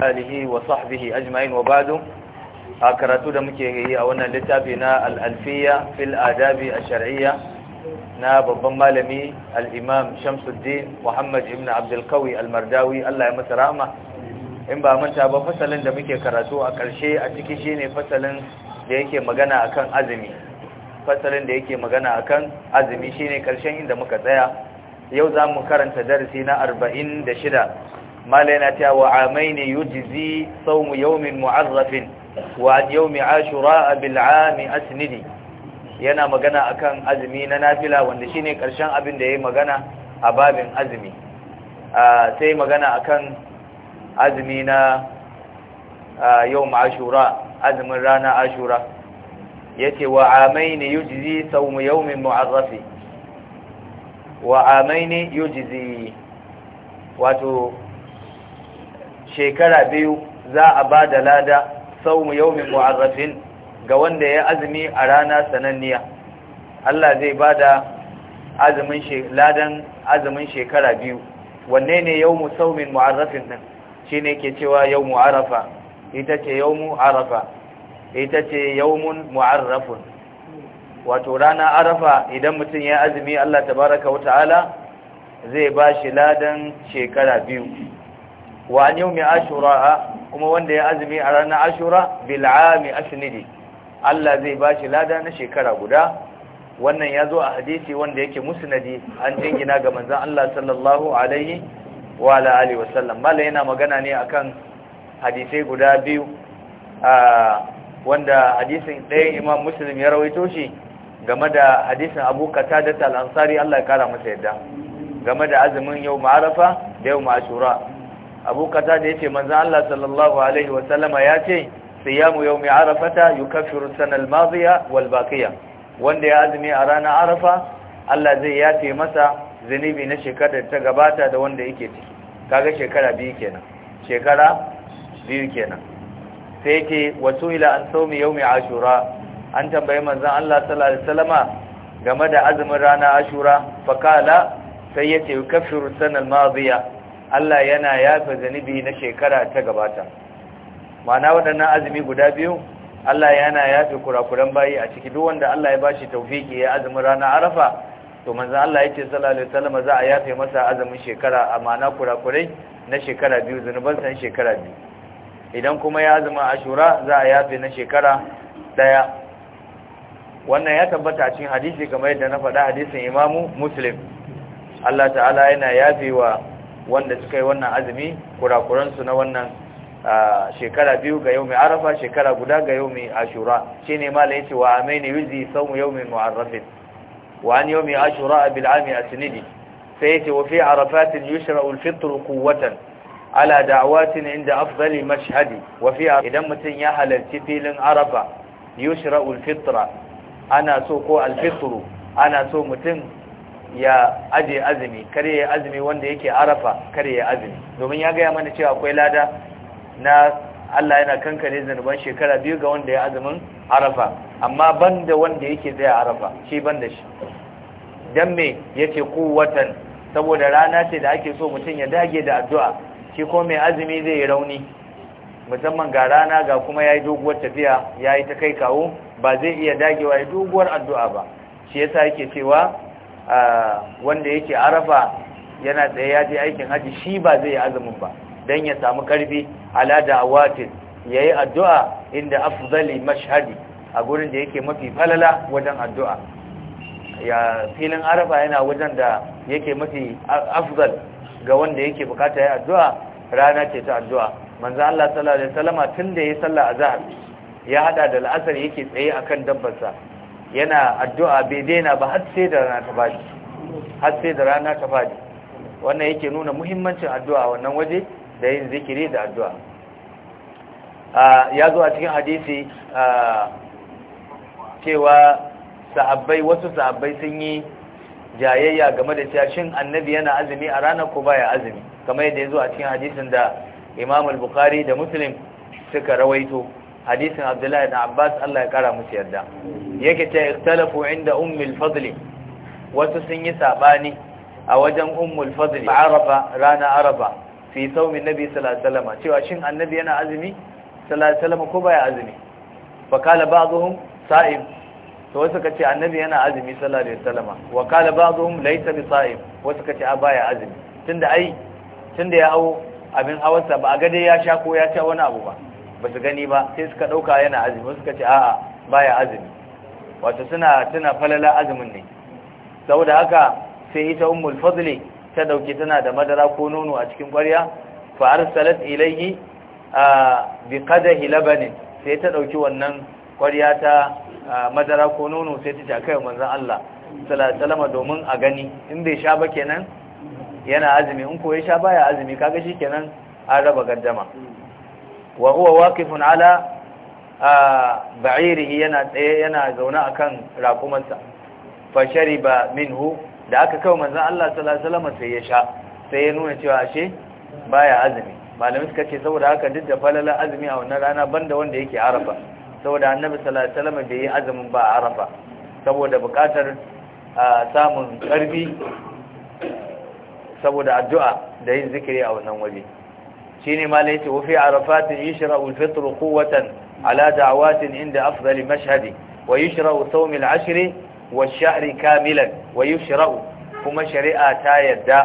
alihi wa sahbihi ajma'in wa ba'du a karatu da muke yi a wannan littafi na al-alfiya fil adabi ash-shar'iyya na babban malami al-imam Shamsuddin Muhammad ibn al Qawi al-Mardawi Allah ya masa rahma in ba manta ba fasalin da muke karatu a ƙarshe a ciki shine fasalin da yake magana akan azumi fasalin da yake magana akan azumi shine ƙarshen inda muka tsaya yau za mu karanta darasi na arba'in da shida. mala yana cewa wa amaini yujzi sawmu yawmin mu'arrafin wa yawmi ashura bil ami asnidi yana magana akan azumi na nafila wanda shine karshen abin da yayi magana a babin azumi sai magana akan azumi na yawm ashura azumin rana ashura yace wa amaini yujzi sawmu yawmin mu'arrafin wa amaini yujzi wato shekara biyu za a ba da lada sau mu yawmin mu'arrafin ga wanda ya azumi a rana sananniya Allah zai ba da ladan azumin shekara biyu wanne ne yau mu sau min mu'arrafin Shi ne ke cewa yau muarrafa. ita ce yau muarrafa. ita ce yau mun mu'arrafun wato rana arafa idan mutum ya azumi Allah tabaraka wa ta'ala zai ba shi ladan shekara biyu wa an mai ashura kuma wanda ya azumi a ranar ashura bil ami asnidi Allah zai bashi lada na shekara guda wannan ya zo a hadisi wanda yake musnadi an jingina ga manzan Allah sallallahu alaihi wa ala wasallam mala yana magana ne kan hadisai guda biyu wanda hadisin ɗayan imam muslim ya rawaito shi game da hadisin abu katada al-ansari Allah ya kara masa yadda game da azumin yau ma'arafa da yau ma'ashura abu kata da yace manzo Allah sallallahu alaihi wa sallama yace siyamu yawmi arafata yukaffiru sana al-madiya wal baqiya wanda ya azumi a ranar arafa Allah zai yace masa zunubi na shekarar ta gabata da wanda yake ciki kaga shekara biyu kenan shekara biyu kenan sai yake wasu ila an saumi yawmi ashura an tambaye manzo Allah sallallahu alaihi wa sallama game da azumin ranar ashura fakala sai yace yukaffiru sana al maziya. Allah yana yafe zanibi na shekara ta gabata mana waɗannan azumi guda biyu Allah yana yafe kurakuran bayi a ciki duk wanda Allah ya bashi tawfiki ya azumin rana Arafa to manzo Allah yake sallallahu alaihi wasallam za a yafe masa azumin shekara amana kurakurai na shekara biyu zanuban san shekara biyu idan kuma ya azumin Ashura za a yafe na shekara daya wannan ya tabbata a cikin hadisi kamar yadda na faɗa hadisin imamu Muslim Allah ta'ala yana yafe wa. wanda suka yi wannan azumi kurakuransu na wannan shekara biyu ga yau mai arafa shekara guda ga yau mai ashura shi ne ma ya wa amai ne yuzi saumu yau mai mu'arrafin wa an yau mai ashura a bil'ami a sinidi sai ya ce wa fi arafatin yushra ulfitru kuwatan ala da'awatin inda afdali mashhadi wa idan mutum ya halarci filin arafa yushra ulfitra ana so ko alfitru ana so mutum ya aje azumi kare ya azumi wanda yake arafa kare ya azumi domin ya gaya mana cewa akwai lada na Allah yana kankare zanuban shekara biyu ga wanda ya azumin arafa amma banda wanda yake tsaya arafa shi banda shi dan me yace kuwatan saboda rana ce da ake so mutum ya dage da addu'a shi ko mai azumi zai yi rauni musamman ga rana ga kuma yayi doguwar tafiya yayi ta kai kawo ba zai iya dagewa ya doguwar addu'a ba shi yasa yake cewa wanda yake arafa yana tsaye ya je aikin haji shi ba zai yi azumin ba dan ya samu karfi ala ya yayi addu'a inda afzali mashhadi a gurin da yake mafi falala wajen addu'a ya filin arafa yana wajen da yake mafi afzal ga wanda yake bukata ya addu'a rana ce ta addu'a manzo Allah sallallahu alaihi da ya yi sallah azhar ya hada da la'asar yake tsaye akan dabbarsa yana addu'a bai daina ba har sai da rana ta fadi har sai da rana ta fadi wannan yake nuna muhimmancin addu'a wannan waje da yin zikiri da addu'a ya zo a cikin hadisi cewa sahabbai wasu sahabbai sun yi jayayya game da cewa shin annabi yana azumi a ranar ko baya azumi kamar yadda ya zo a cikin hadisin da imam al-bukhari da muslim suka rawaito hadisin abdullahi da abbas Allah ya kara musu yarda yake ce ikhtalafu inda ummul fadli wasu sun yi sabani a wajen ummul fadli Araba, rana araba fi saumin nabi sallallahu alaihi wasallam cewa shin annabi yana azumi sallallahu alaihi wasallam ko baya azumi fa kala ba'dhum sa'im to wasu ka ce annabi yana azumi sallallahu alaihi wasallam wa kala ba'dhum laysa bi sa'im wasu ce a baya azumi tunda ai tunda ya hawo abin hawarsa ba a ga dai ya sha ko ya ci wani abu ba ba su gani ba sai suka ɗauka yana azumi suka ce a'a baya azumi wato suna tuna falala azumin ne saboda haka sai ita ummul fadli ta dauke tana da madara ko nono a cikin kwarya fa arsalat ilayhi bi qadahi labani sai ta dauki wannan kwarya ta madara ko nono sai ta kai manzon Allah sallallahu domin a gani in bai sha ba kenan yana azumi in ko ya sha baya azumi kaga kenan an raba gaddama wa huwa waqifun ala ba'irihi yana tsaye yana zauna akan raƙumarsa fa shariba minhu da aka kawo manzon Allah sallallahu alaihi wasallam sai ya sha sai ya nuna cewa ashe baya azumi malamai suka ce saboda haka duk da falalar azumi a wannan rana banda wanda yake arafa saboda annabi sallallahu alaihi wasallam bai yi azumin ba a arafa saboda buƙatar samun ƙarfi saboda addu'a da yin zikiri a wannan waje shine malai ce wa fi arafat yashra'u al kowatan quwwatan ala da'awatin inda afdal mashhadi wa yashra'u sawm al-ashr wa ash kamilan wa yashra'u kuma shari'a ta yadda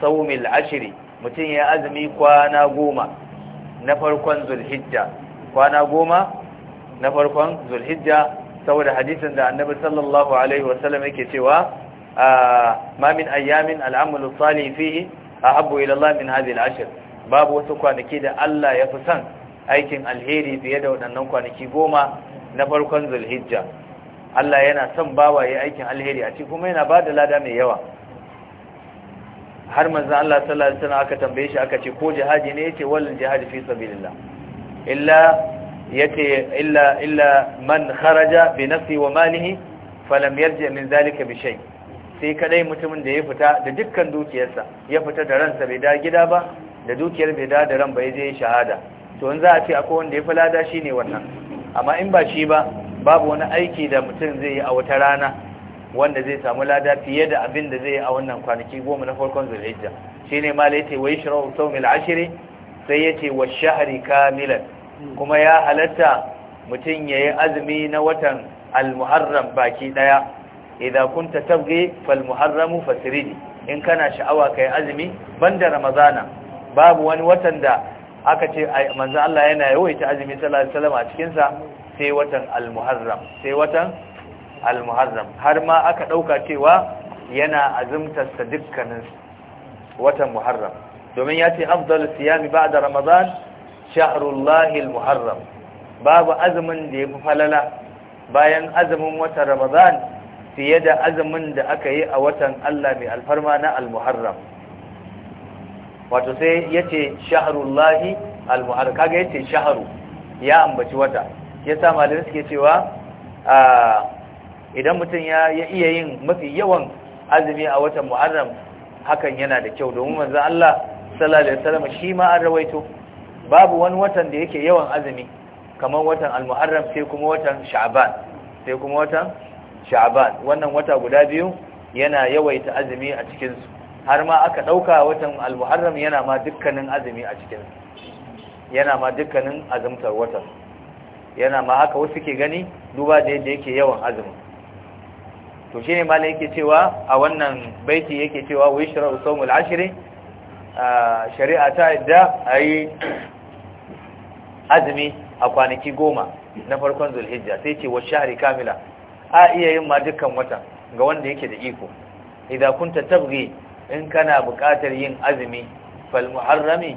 sawm al-ashr mutum ya azumi kwana goma na farkon zulhijja kwana goma na farkon zulhijja saboda hadisin da annabi sallallahu alaihi wasallam yake cewa ah, ma min ayyamin al-amalu salih fihi ahabbu ila Allah min hadhihi al babu wasu kwanaki da Allah ya fi son aikin alheri fiye da waɗannan kwanaki goma na farkon zulhijja Allah yana son bawa ya aikin alheri a cikin kuma yana ba da lada mai yawa har manzan Allah sallallahu alaihi wasallam aka tambaye shi aka ce ko jihadi ne yace wal jihadi fi sabilillah illa yace illa illa man kharaja bi nafsi wa malihi falam yarji min zalika bi shay sai kadai mutumin da ya fita da dukkan dukiyarsa ya fita da ransa bai da gida ba da dukiyar mai da da ran bai zai shahada to za a ce akwai wanda ya fi lada shine wannan amma in ba shi ba babu wani aiki da mutum zai yi a wata rana wanda zai samu lada fiye da abin da zai yi a wannan kwanaki goma na farkon zulhijja ne ma la wai shirau mil ashri sai ce wa shahri kamilan kuma ya halatta mutum ya yayi azumi na watan almuharram baki daya idza kunta tabghi fal muharramu fasridi in kana sha'awa kai azumi banda ramazana babu wani watan da aka ce manzo Allah yana yawaita azumi sallallahu a cikinsa sa sai watan al-muharram sai watan al-muharram har ma aka ɗauka cewa yana azumtarsa sa dukkanin watan muharram domin ya ce afdalu siyami ba'da ramadan shahrullahi al-muharram babu azumin da yafi falala bayan azumin watan ramadan fiye da azumin da aka yi a watan Allah mai alfarma na al-muharram wato sai yace shahrullahi al-muharram kaga yace shaharu ya ambaci wata Ya sa malin suke cewa idan mutum ya iya yin mafi yawan azumi a watan muharram hakan yana da kyau domin manzo Allah sallallahu alaihi wasallam shi ma an rawaito babu wani watan da yake yawan azumi kamar watan al-muharram sai kuma watan sha'ban sai kuma watan sha'ban wannan wata guda biyu yana yawaita azumi a cikin su har ma aka ɗauka watan almuharram yana ma dukkanin azumi a cikin yana ma dukkanin azumtar watan yana ma haka wasu ke gani duba da yadda yake yawan azumi to shine malai yake cewa a wannan baiti yake cewa wa yashra sawmul ashri shari'a ta yadda ayi azumi a kwanaki goma na farkon zulhijja sai ce wa shahri kamila a iya yin ma dukkan wata ga wanda yake da iko idan kunta tabghi in kana buƙatar yin azumi fal muharrami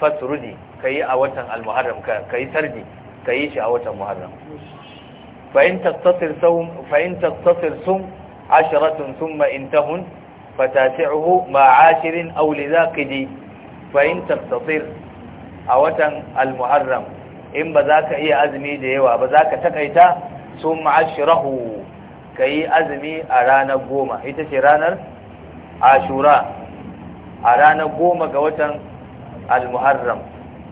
fasrudi kai a watan al muharram kai sardi kai shi a watan muharram fa in tastatir sum fa in tastatir sum 10 thumma intahun fatasi'uhu ma 10 aw lidaqidi fa in tastatir a watan al muharram in ba za ka iya azumi da yawa ba za ka takaita sum 10 kai azumi a ranar goma ita ce ranar ashura a ranar goma ga watan al-muharram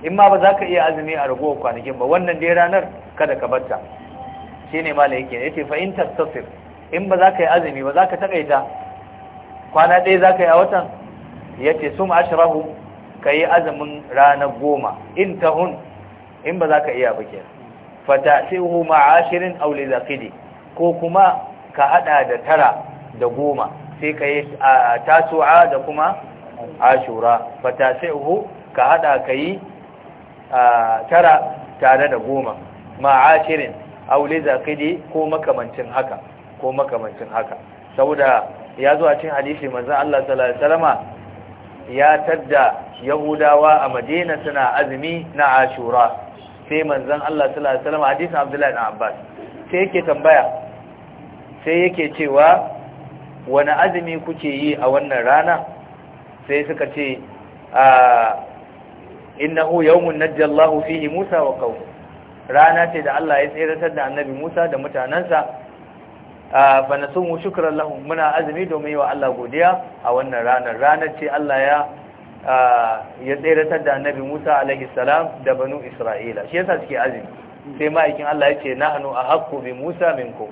in ma ba za ka iya azumi a ragowar kwanakin ba wannan dai ranar kada ka batta shi ne mala yake ya ce fahimtar tastasir in ba za ka yi azumi ba za ka taƙaita kwana ɗaya za ka yi a watan ya ce sun ashirahu ka yi azumin ranar goma in ta hun in ba za ka iya bakin fata sai hu ma'ashirin aule zakidi ko kuma ka haɗa da tara da goma sai ka yi tasu'a da kuma ashura uku ka hada ka yi tara tare da goma ma'ashirin aule zakidi ko makamancin haka ko makamancin haka saboda ya zuwa cin hadisi manzo Allah sallallahu alaihi wasallama ya tadda yahudawa a Madina suna azumi na Ashura sai manzon Allah sallallahu alaihi wasallama hadisin Abdullahi ibn Abbas sai yake tambaya sai yake cewa wani azumi kuke yi a wannan rana sai suka ce a innahu yawmun najjallahu fihi Musa wa qaum rana ce da Allah ya tsiratar da annabi Musa da mutanansa fa nasumu shukran lahu muna azumi domin yi wa Allah godiya a wannan rana Rana ce Allah ya ya tsiratar da annabi Musa alaihi salam da banu Isra'ila shi yasa suke azumi sai ma'aikin Allah ya ce nahnu ahqqu bi Musa minkum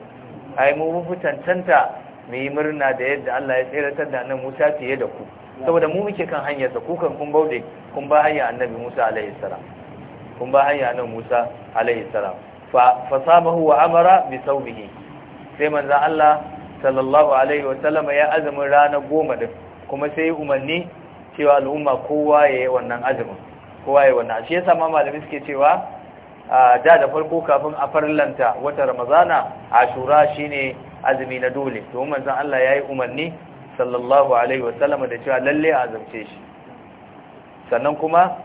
ai mu mutantanta mu yi murna da yadda Allah ya tseratar da annabi Musa fiye da ku saboda mu muke kan hanyar sa ku kan kun baude kun ba hanya annabi Musa alaihi salam kun ba hanya annabi Musa alaihi salam fa fasabahu wa amara bi sawbihi sai manzo Allah sallallahu alaihi wa sallam ya azumi rana goma din kuma sai umarni cewa al'umma kowa yayi wannan azumin kowa yayi wannan shi yasa ma malami suke cewa da da farko kafin a farlanta wata ramazana ashura shine azumi na dole to manzon Allah yayi umarni sallallahu alaihi wasallam da cewa lalle a azumce shi sannan kuma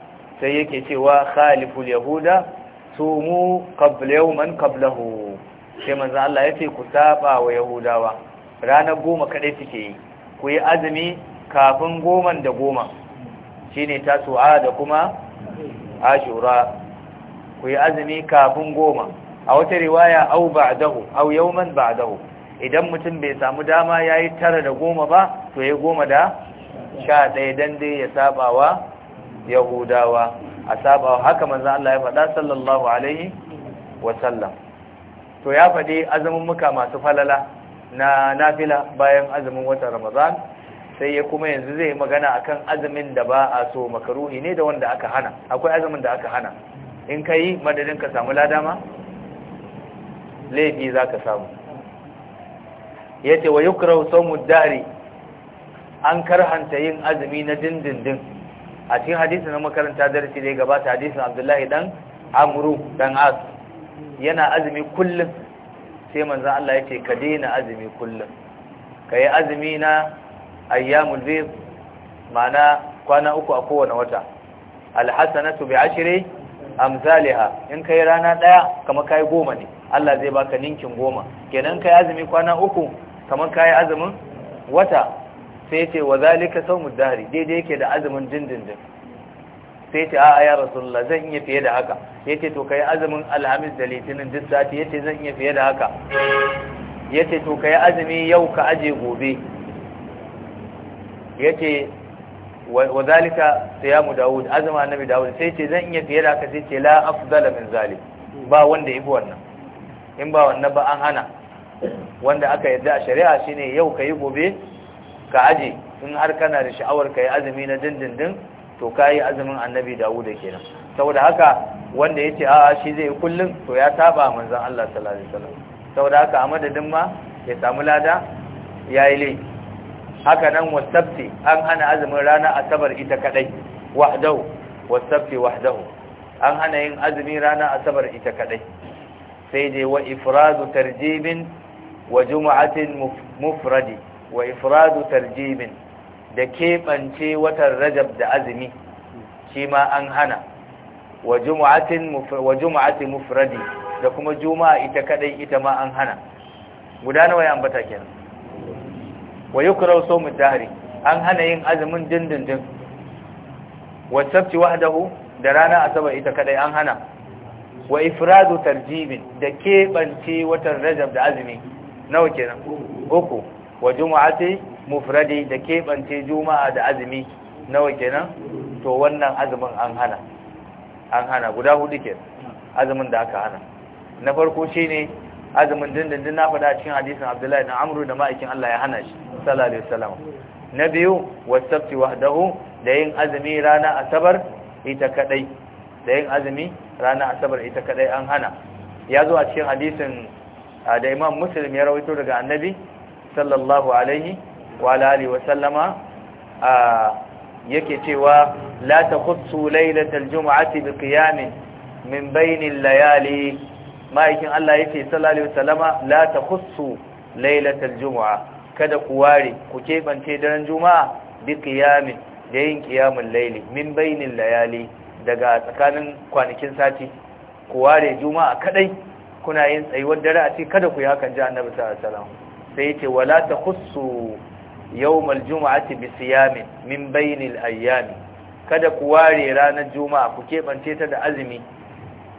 sai yake cewa khaliful yahuda sumu qabla yawman qablahu sai manzon Allah yace ku saba wa yahudawa ranar goma kadai take yi ku yi azumi kafin goma da goma shine tasu'a da kuma ashura ku yi azumi kafin goma a wata riwaya au ba dahu? au yawman dahu? idan mutum bai samu dama ya yi tara da goma ba to ya goma da sha ɗaya dan dai ya sabawa yahudawa a wa haka manzo Allah ya faɗa sallallahu alaihi wa sallam to ya faɗi azumin muka masu falala na nafila bayan azumin wata Ramadan sai ya kuma yanzu zai magana akan azumin da ba a so makaruhi ne da wanda aka hana akwai azumin da aka hana in ka yi madadin ka samu lada ma laifi za ka samu ya ce wa yukrau saumu dari an karhanta yin azumi na dindindin a cikin hadisi na makaranta darasi da ya gabata hadisin abdullahi dan amuru dan as yana azumi kullum sai manzan Allah ya ce ka daina azumi kullum ka yi azumi na ayyamul bid ma'ana kwana uku a kowane wata alhassanatu bi ashirai amzaliha in kai rana daya kamar kai goma ne Allah zai baka ninkin goma kenan kai azumi kwana uku kamar kai azumin wata sai ce wa zalika sawmud dahri daidai yake da azumin dindindin sai ce a'a ya rasulullah zan iya fiye da haka yace to kai azumin alhamis da litinin duk sati yace zan iya fiye da haka yace to kai azumi yau ka aje gobe yace wa zalika siyamu daud azama annabi daud sai ce zan iya fiye da haka sai ce la afdala min zalik ba wanda yafi wannan in ba wannan ba an hana wanda aka yadda a shari'a shine yau kai gobe ka aje in har kana da sha'awar kai azumi na dindindin to kai azumin annabi daud kenan saboda haka wanda yace a'a shi zai kullun to ya saba manzon Allah sallallahu alaihi wasallam saboda haka a madadin ma ya samu lada yayi laifi haka nan wasabti an hana azumin rana asabar ita kadai wahdahu wasabti wahdahu an hana yin azumin rana asabar ita kadai sai dai wa ifradu tarjibin wa jumu'atin mufradi wa ifradu tarjibin da keɓance watan rajab da azumi shi ma an hana wa jumu'atin mufradi da kuma juma'a ita kadai ita ma an hana guda nawa ya ambata kenan wa yukrahu mu dahri an hana yin azumin dindindin wa sabti wahdahu da rana asabar ita kadai an hana wa ifradu tarjibin da keɓance watan rajab da azumi nawa kenan uku wa jumu'ati mufradi da keɓance juma'a da azumi nawa kenan to wannan azumin an hana an hana guda hudu kenan azumin da aka hana na farko shine azumin dindindin na faɗa cikin hadisin Abdullahi na Amru da ma'aikin Allah ya hana shi sallallahu alaihi na biyu wasabti wahdahu da yin azumi rana asabar ita kadai da yin azumi rana asabar ita kadai an hana ya zo a cikin hadisin da Imam Muslim ya rawaito daga Annabi sallallahu alaihi wa alihi wa sallama yake cewa la takhussu lailatal jum'ati biqiyamin min bainil layali ma'aikin Allah yake sallallahu alaihi wa sallama la takhussu lailatal jum'a kada ku ware ku keɓance daren juma'a bi qiyamin da yin qiyamul layli min bainil layali daga tsakanin kwanakin sati ku ware juma'a kadai kuna yin tsayuwar dare a ce kada ku yi hakan ji annabi sallallahu alaihi wasallam sai yace wala takhussu yawmal juma'ati bi siyamin min bainil ayyami kada ku ware ranar juma'a ku keɓance ta da azumi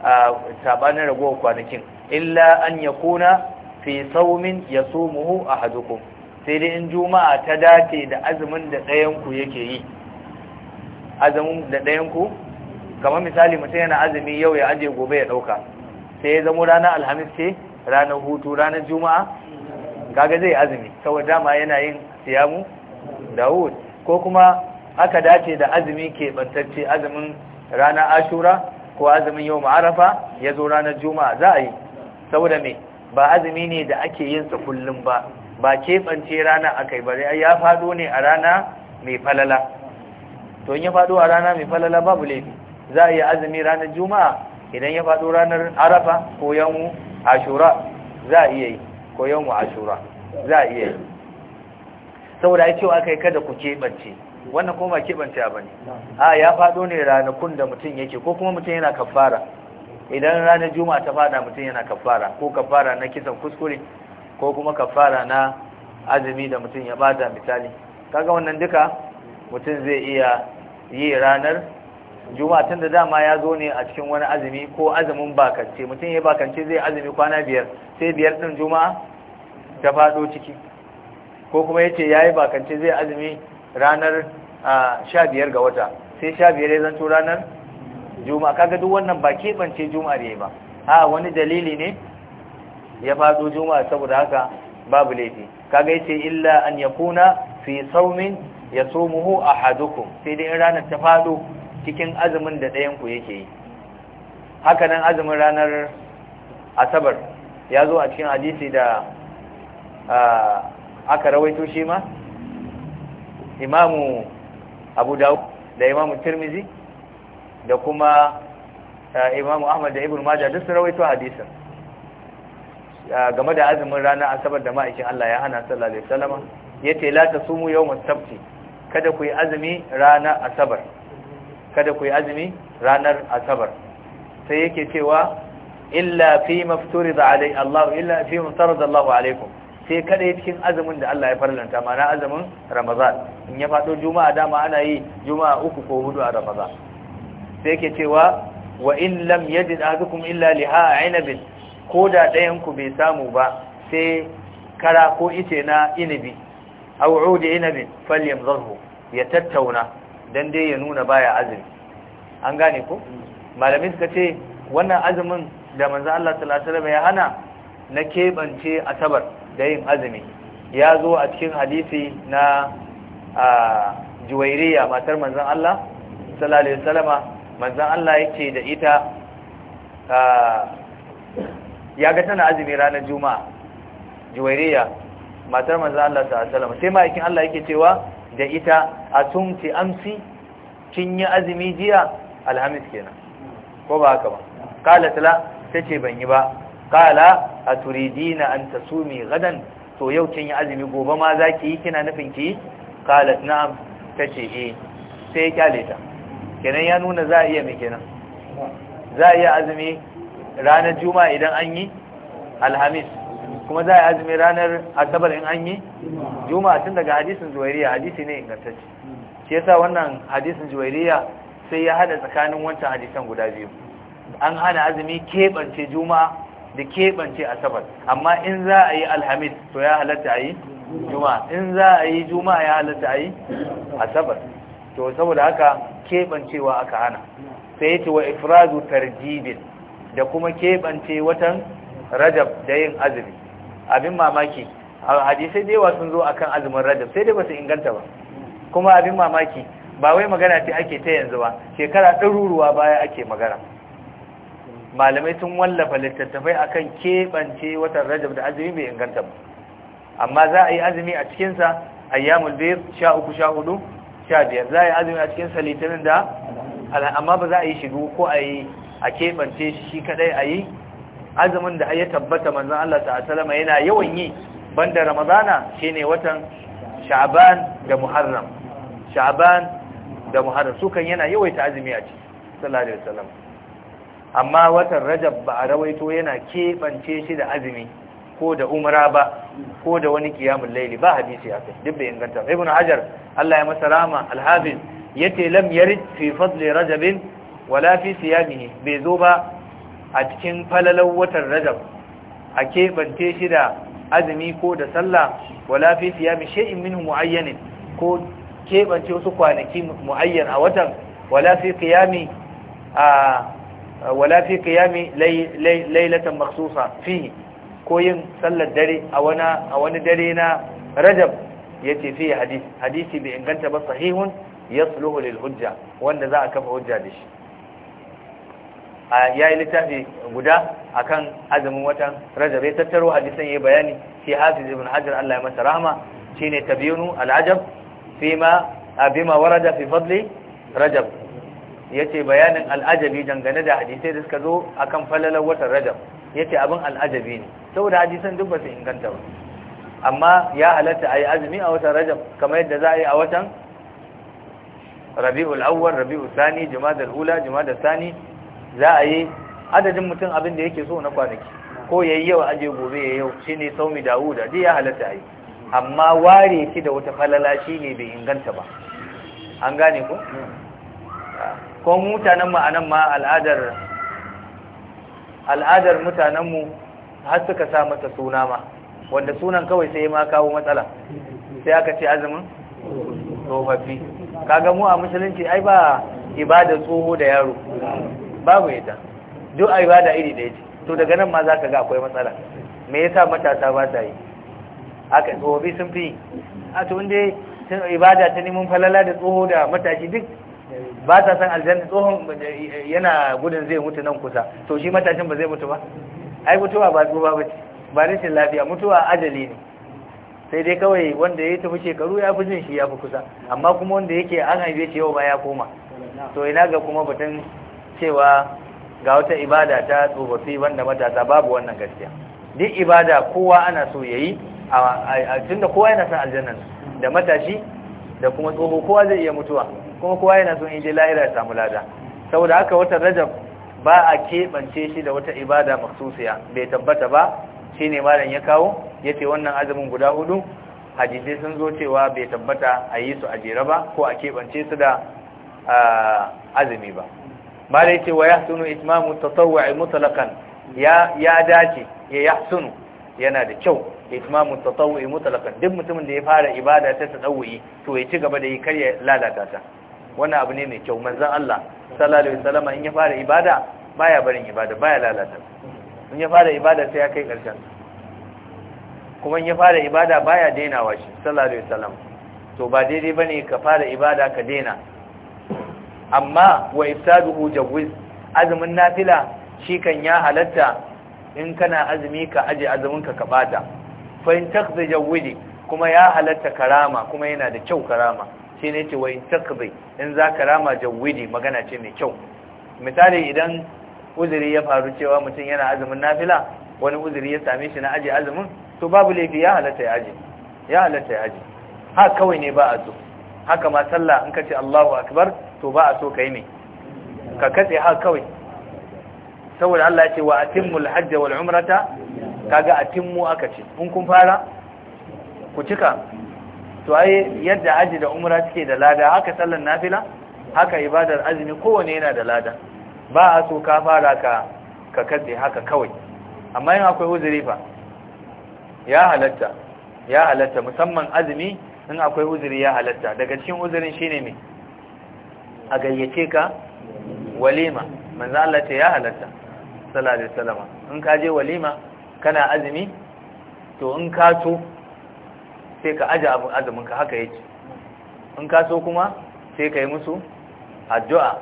a sabanin ragowar kwanakin illa an yakuna fi saumin yasumuhu ahadukum sai dai in juma'a ta dace da azumin da ɗayanku yake yi azumin da ɗayanku kamar misali mutum yana azumi yau ya aje gobe ya ɗauka sai ya zamo ranar alhamis ce ranar hutu ranar juma'a kaga zai azumi saboda dama yana yin siyamu dawud ko kuma aka dace da azumi ke bantacce azumin ranar ashura ko azumin yau ma'arafa ya zo ranar juma'a za a yi saboda me ba azumi ne da ake yinsa kullum ba ba keɓance rana aka yi ba ya faɗo ne a rana mai falala to in ya faɗo a rana mai falala babu laifi za a yi azumi ranar juma'a idan ya faɗo ranar arafa ko yawon ashura za a iya yi ko yawon ashura za a iya yi saboda ya cewa aka yi kada ku keɓance wannan kuma ba keɓance ba ne a ya faɗo ne ranakun da mutum yake ko kuma mutum yana kafara idan ranar juma'a ta fada mutum yana kafara ko kafara na kisan kuskure ko kuma kafara na azumi da mutum ya bata misali kaga wannan duka mutum zai iya yi ranar juma'a tunda dama ya zo ne a cikin wani azumi ko azumin bakance mutum ya bakance zai azumi kwana biyar sai biyar din juma'a ta fado ciki ko kuma yace yayi bakance zai azumi ranar sha biyar ga wata sai sha biyar ya zanto ranar juma'a kaga duk wannan ba keɓance juma'a da ya ba a wani dalili ne ya fado juma'a saboda haka babu laifi kaga yace illa an yakuna fi sawmin yasumuhu ahadukum sai dai ranar ta fado cikin azumin da ɗayan ku yake yi haka nan azumin ranar asabar ya zo a cikin hadisi da aka rawaito shi ma imamu abu dawud da imamu tirmizi da kuma imamu ahmad da ibn majah duk su rawaito hadisin game da azumin ranar asabar da ma'aikin Allah ya hana sallallahu alaihi wasallama yace la tasumu yawmat sabti kada ku yi azumi ranar asabar kada ku yi azumi ranar asabar sai yake cewa illa fi mafturida alai Allah illa fi maftarada Allah alaikum sai kada yi cikin azumin da Allah ya farlanta mana azumin Ramadan in ya fado juma'a dama ana yi juma'a uku ko hudu a Ramadan sai yake cewa wa in lam yajid ahadukum illa liha 'inabin ko da ɗayan ku bai samu ba sai kara ko ice na inabi da uudi inabin zarhu ya tattauna don dai ya nuna baya azumi an gane ku. malamai suka ce wannan azumin da manzan Allah sallallahu ya hana na keɓance asabar da yin azumi ya zo a cikin hadisi na juwairiya matar manzan Allah sallallahu salama. Allah yake da ita ya ga tana azumi ranar juma'a juwairiya matar manzo Allah ta Salama. sai ma'aikin Allah yake cewa da ita a asumti amsi kin yi azumi jiya alhamis kenan ko ba haka ba qalat la tace ban yi ba qala aturidina an tasumi gadan to yau kin yi azumi gobe ma zaki yi kina nufin ki kala na'am tace eh sai ya kyale ta kenan ya nuna za a iya me kenan za a iya azumi ranar juma'a idan an yi alhamis kuma za a azumi ranar asabar in an yi juma'a tun daga hadisin juwairiya hadisi ne ingantacci shi yasa wannan hadisin juwairiya sai ya hada tsakanin wancan hadisan guda biyu an hana azumi keɓance juma'a da keɓance asabar amma in za a yi alhamis to ya halatta a yi juma'a in za a yi juma'a ya halatta a yi asabar to saboda haka keɓancewa aka hana sai ya ce wa ifradu tarjibin da kuma keɓance watan rajab da yin azumi abin mamaki hadisai da yawa sun zo akan azumin rajab sai dai ba su inganta ba kuma abin mamaki ba wai magana ce ake ta yanzu ba shekara ɗaruruwa baya ake magana malamai sun wallafa littattafai akan keɓance watan rajab da azumi bai inganta ba amma za a yi azumi a cikinsa ayyamul bayr sha uku sha hudu sha biyar za a yi azumi a cikinsa litinin da amma ba za a yi shigo ko a yi a keɓance shi kadai a yi azumin da ya tabbata manzon Allah Ta'asalama yana yawan yi banda ramadana shine watan sha'ban da muharram sha'ban da muharram su kan yana yawaita azumi a ci sallallahu alaihi wasallam amma watan rajab ba a rawaito yana keɓance shi da azumi ko da umra ba ko da wani kiyamun laili ba hadisi kai duk da inganta ibnu hajar Allah ya masa rahma al-hafiz yace lam yarid fi fadli rajab wala fi siyamihi bai zo ba a cikin falalar watan rajab a keɓance shi da azumi ko da sallah wala fi siyami shay'in minhu mu'ayyanin ko keɓance wasu kwanaki mu'ayyan a watan wala fi qiyami a wala fi qiyami laylatan makhsusa fihi ko yin sallar dare a wani a wani dare na rajab yace fi hadisi hadisi bi inganta ba sahihun yasluhu lil hujja wanda za a kafa hujja da shi ya yi littafi guda akan azumin watan rajab ya tattaro hadisan ya bayani shi hafiz ibn hajar Allah ya masa rahama shine tabyinu al'ajab fima bima warada fi fadli rajab yace bayanin al'ajabi dangane da hadisai da suka zo akan falalar watan rajab yace abin al'ajabi ne saboda hadisan duk ba inganta ba amma ya halatta yi azumi a watan rajab kamar yadda za a yi a watan rabi'ul awwal rabi'ul sani jumadal ula jumadal thani za a yi adadin mutum abin da yake so na kwanaki ko ya yi yau aje gobe ya yau shi ne saumi Dawuda, dai ya halatta yi amma ware shi da wata falala shi ne bai inganta ba an gane ku? ko mutanen a nan ma al'adar mutanenmu har suka sa masa suna ma wanda sunan kawai sai ma kawo matsala sai aka ce azumin tsofaffi kaga mu a musulunci ai ba ibada tsoho da yaro babu ita duk a ibada iri ɗaya ce to daga nan ma za ka ga akwai matsala me yasa matasa ba ta yi aka tsohobi sun fi a to inda ibada ta neman falala da tsoho da matashi duk ba ta san aljanna tsohon yana gudun zai mutu nan kusa to shi matashin ba zai mutu ba ai mutuwa ba tsuba ba ce ba rashin lafiya mutuwa ajali ne sai dai kawai wanda ya tafi shekaru ya fi jin shi ya fi kusa amma kuma wanda yake an haife shi yau ba ya koma to ina ga kuma batun cewa ga wata ibada ta tsofaffi wanda matasa babu wannan gaskiya duk ibada kowa ana so yayi tunda kowa yana son aljanna da matashi da kuma tsoho kowa zai iya mutuwa kuma kowa yana son inje lahira ya samu lada saboda haka wata rajab ba a keɓance shi da wata ibada maksusiya bai tabbata ba shine malam ya kawo ya ce wannan azumin guda hudu hadisai sun zo cewa bai tabbata a yi su a jere ba ko a keɓance su da azumi ba malai ce wa yahsunu itmamu tatawwu'i mutlaqan ya ya dace ya yahsunu yana da kyau itmamu tatawwu'i mutlaqan duk mutumin da ya fara ibada ta tatawwu'i to ya ci gaba da yi kar ya lalata ta wannan abu ne mai kyau manzon Allah sallallahu alaihi wasallam in ya fara ibada baya barin ibada baya lalata in ya fara ibada sai ya kai karshen kuma in ya fara ibada baya dainawa shi sallallahu alaihi wasallam to ba daidai bane ka fara ibada ka daina amma wa iftaduhu jawiz azumin nafila shi kan ya halatta in kana azumi ka aje azumin ka kabata fa in taqdi jawidi kuma ya halatta karama kuma yana da kyau karama shi ne ce wa in taqdi in za karama jawidi magana ce mai kyau misali idan uzuri ya faru cewa mutum yana azumin nafila wani uzuri ya same shi na aje azumin to babu laifi ya halatta ya aje ya halatta ya aje ha kawai ne ba a so haka ma sallah in ka ce Allahu akbar to ba a so kai ne ka katse ha kawai saboda Allah ya ce wa atimul hajj wal umrata kaga atimmu aka ce in kun fara ku cika to ai yadda aji da umra suke da lada haka sallar nafila haka ibadar azumi kowane yana da lada ba a so ka fara ka ka katse haka kawai amma in akwai uzuri fa ya halatta ya halatta musamman azumi sun akwai uzuri ya halatta daga cikin uzurin shine me a gayyace ka walima manza Allah ce ya halatta sallallahu alaihi wasallam in ka je walima kana azumi to in ka to sai ka aje abin azumin ka haka yake in ka so kuma sai ka yi musu addu'a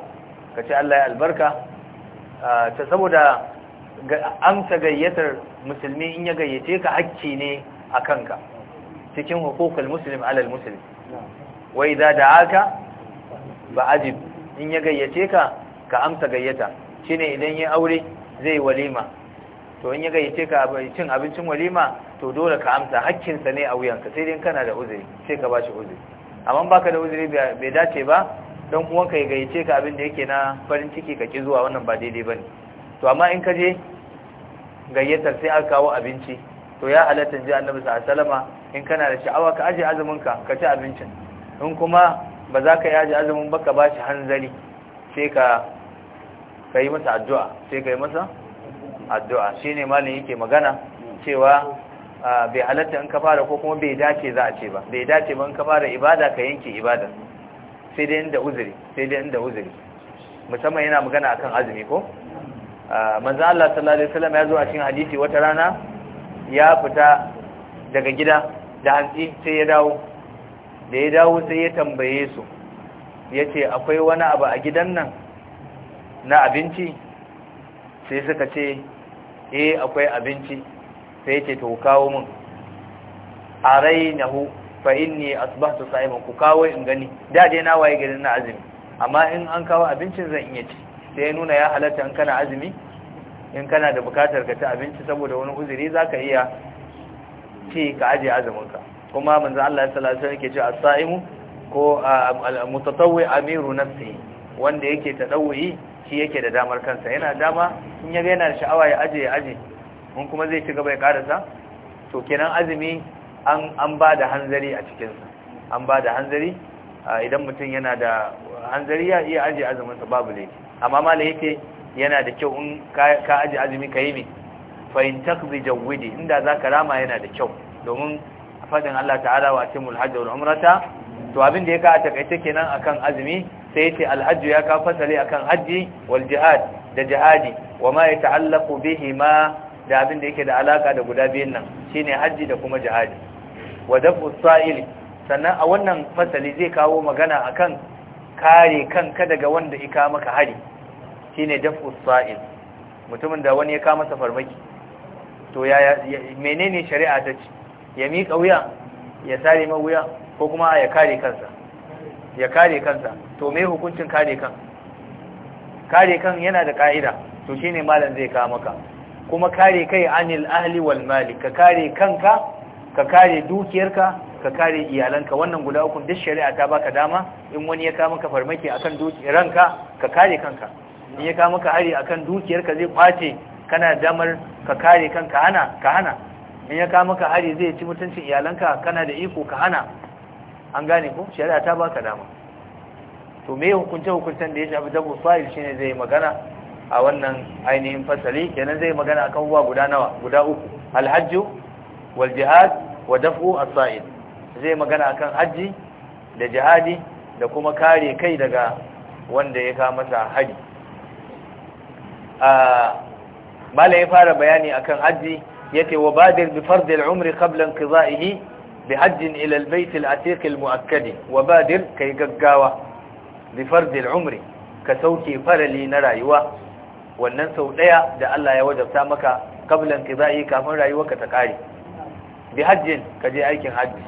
ka ce Allah ya albarka ta saboda amsa gayyatar musulmi in ya gayyace ka hakki ne a kanka cikin hukukul muslim alal muslim wai za da haka ba ajib in ya gayyace ka ka amsa gayyata shine idan ya aure zai walima to in ya gayyace ka cin abincin walima to dole ka amsa hakkinsa ne a wuyanka sai dai kana da uzuri sai ka bashi uzuri amma baka da uzuri bai dace ba dan uwanka ya gayyace ka abin da yake na farin ciki ka ki zuwa wannan ba daidai bane to amma in ka je gayyatar sai aka kawo abinci to ya halatta ji annabi sallallahu alaihi wasallama in kana da sha'awa ka aje azumin ka ka ci abincin in kuma ba za ka yi azumin ba ka bashi hanzali sai ka kai yi masa addu'a sai kai masa addu'a shine malin yake magana cewa bai halatta in ka fara ko kuma bai dace za a ce ba bai dace ba in ka fara ibada ka yanke ibada sai dai inda uzuri sai dai inda uzuri musamman yana magana akan azumi ko manzo Allah sallallahu alaihi wasallam ya zo a cikin hadisi wata rana ya fita daga gida da hantsi sai ya dawo da ya dawo sai ya tambaye su ya ce akwai wani abu a gidan nan na abinci sai suka ce eh akwai abinci sai ya ce to kawo mun a rai ne a inni su sa'iman ku kawo in gani da dai na waye gidan na azumi amma in an kawo abincin zan iya ci sai ya nuna ya halatta in kana azumi in kana da bukatar ka ci abinci saboda wani uzuri za ka iya ci ka aje azuminka kuma manzo Allah sallallahu alaihi wasallam yake ce as-sa'imu ko al-mutatawwi amiru nafsi wanda yake tadawwi shi yake da damar kansa yana dama in yaga yana da sha'awa ya aje ya aje mun kuma zai ci gaba ya karasa to kenan azumi an an da hanzari a cikin sa an da hanzari idan mutum yana da hanzari ya iya aje azuminsa babu laifi amma malai yake yana da kyau in ka aji azumi ka yi mai fa'in takzi jawwidi inda za ka rama yana da kyau domin faɗin Allah ta'ala wa cimul hajjar umrata to abin da ya ka a kaita kenan kan azumi sai ce alhajju ya ka fasali akan hajji wal jihad da jihadi wa ma ta'allaku bihi ma da abin da yake da alaka da guda biyun nan shine hajji da kuma jihadi wa dafu sa'il sannan a wannan fasali zai kawo magana akan kare kanka daga wanda ika maka hari shine daf'us sa'il mutumin da wani ya kama sa farmaki to ya menene shari'a ta ci ya miƙa wuya ya sare ma wuya ko kuma ya kare kansa ya kare kansa to me hukuncin kare kan kare kan yana da ka'ida to shine malam zai kawo maka kuma kare kai anil ahli wal mali ka kare kanka ka kare dukiyarka ka kare iyalanka wannan guda uku duk shari'a ta baka dama in wani ya kawo maka farmaki akan dukiyar ranka ka kare kanka in ya kawo maka hari akan dukiyarka zai kwace kana damar ka kare kanka hana ka hana in ya kawo maka hari zai ci mutuncin iyalanka kana da iko ka hana an gane ko shari'a ta baka dama to me hukunce hukuncen da ya shafi dabo fa'il shine zai magana a wannan ainihin fasali kenan zai magana akan uwa guda nawa guda uku alhajj wal jihad wa daf'u as-sa'id zai magana akan haji da jihadi da kuma kare kai daga wanda ya ka masa hari mala ya fara bayani akan hajji yace wa badir bi fard al-umr qabla inqida'ihi bi hajjin ila al-bayt al-atiq al wa badir kai gaggawa bi fard umri ka sauke farali na rayuwa wannan sau daya da Allah ya wajabta maka qabla inqida'i kafin rayuwarka ta kare bi hajjin ka je aikin hajji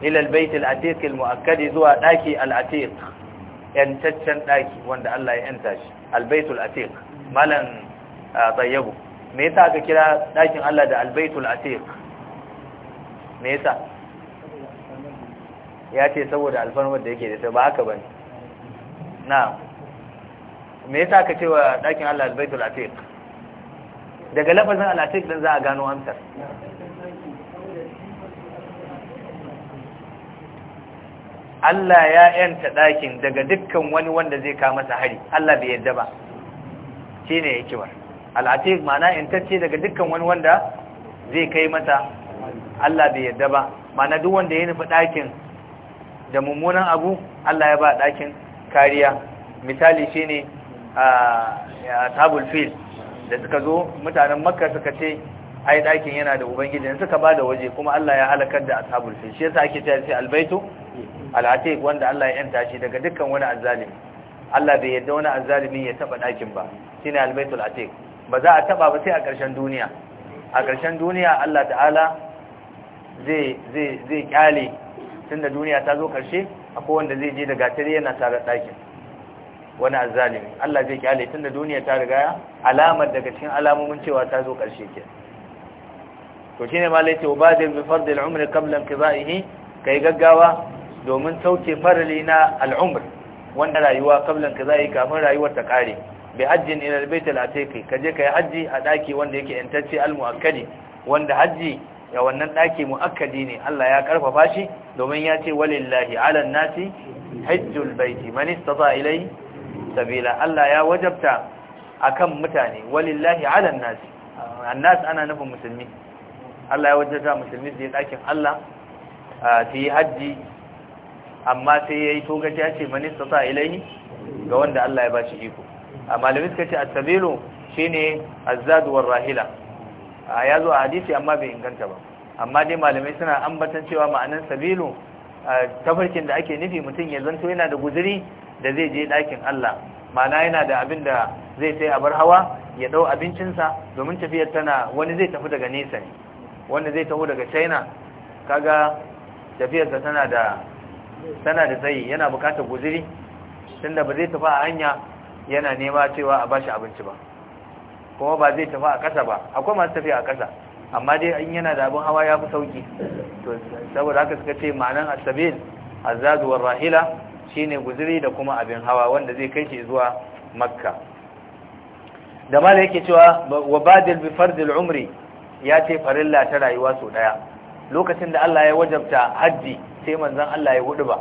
ila al-bayt al-atiq zuwa daki al-atiq yantaccen daki wanda Allah ya yanta shi al-bayt al malam ah, tayyabu me yasa aka kira dakin Allah da albaytul atiq me yasa ya ce saboda alfarmar da yake da ta ba haka bane na me yasa aka cewa dakin Allah albaitul atiq daga lafazin al-atiq din za a gano amsar Allah ya yanta ɗakin daga dukkan wani wanda zai kama masa hari Allah bai yadda ba ya kiwar al'atik ma'ana intacce daga dukkan wani wanda zai kai mata Allah bai yadda ba ma'ana duk wanda ya nufi ɗakin da mummunan abu Allah ya ba ɗakin kariya misali shi ne a tabul fil da suka zo mutanen makka suka ce ai ɗakin yana da ubangiji suka ba da waje kuma Allah ya halakar da ashabul fil shi yasa ake cewa sai albaitu al'atik wanda Allah ya yanta shi daga dukkan wani azzalimi Allah bai yadda wani azzalimi ya taba ɗakin ba shine albaitul atiq ba za a taba ba sai a ƙarshen duniya a ƙarshen duniya Allah ta'ala zai zai zai kyale tunda duniya ta zo ƙarshe akwai wanda zai je daga tare yana tare ɗakin wani azzalimi Allah zai kyale tunda duniya ta riga alamar daga cikin alamomin cewa ta zo ƙarshe ke to shine malai ce ubadir bi fardil umri qabla inqida'ihi kai gaggawa domin sauke farali na al'umr wanda rayuwa kablan ka zai kafin rayuwar ta kare bi hajjin ila albayt alatiqi ka je kai haji a daki wanda yake intacce almuakkadi wanda haji ya wannan daki muakkadi ne Allah ya karfafa shi domin ya ce walillahi ala nasi hajjul baiti man istata ilai sabila Allah ya wajabta akan mutane walillahi ala nasi annas ana nufin musulmi Allah ya wajabta musulmi su yi dakin Allah su yi haji amma sai ya yi togaci ya ce man istata ilaihi ga wanda Allah ya shi iko a malamin suka ce a sabilu shi ne Azaduwar rahila a zo a hadisi amma bai inganta ba amma dai malamai suna ambatan cewa ma'anan sabilu tafarkin da ake nufi mutum ya zanto yana da guzuri da zai je ɗakin Allah ma'ana yana da abin da zai sai a bar hawa ya ɗau abincinsa domin tafiyar tana wani zai tafi daga nesa ne wanda zai taho daga china kaga tafiyarsa tana da tana da tsayi yana bukatar guziri da ba zai tafi a hanya yana nema cewa a bashi abinci ba kuma ba zai tafi a ƙasa ba akwai masu tafi a ƙasa amma dai in yana da abin hawa ya fi sauki to saboda haka suka ce ma'anan asabil azaduwar rahila shine guziri da kuma abin hawa wanda zai kai shi zuwa makka da mala yake cewa wa badil bi fardil umri ya ce farilla ta rayuwa so daya lokacin da Allah ya wajabta hajji sai Manzan Allah ya hudu ba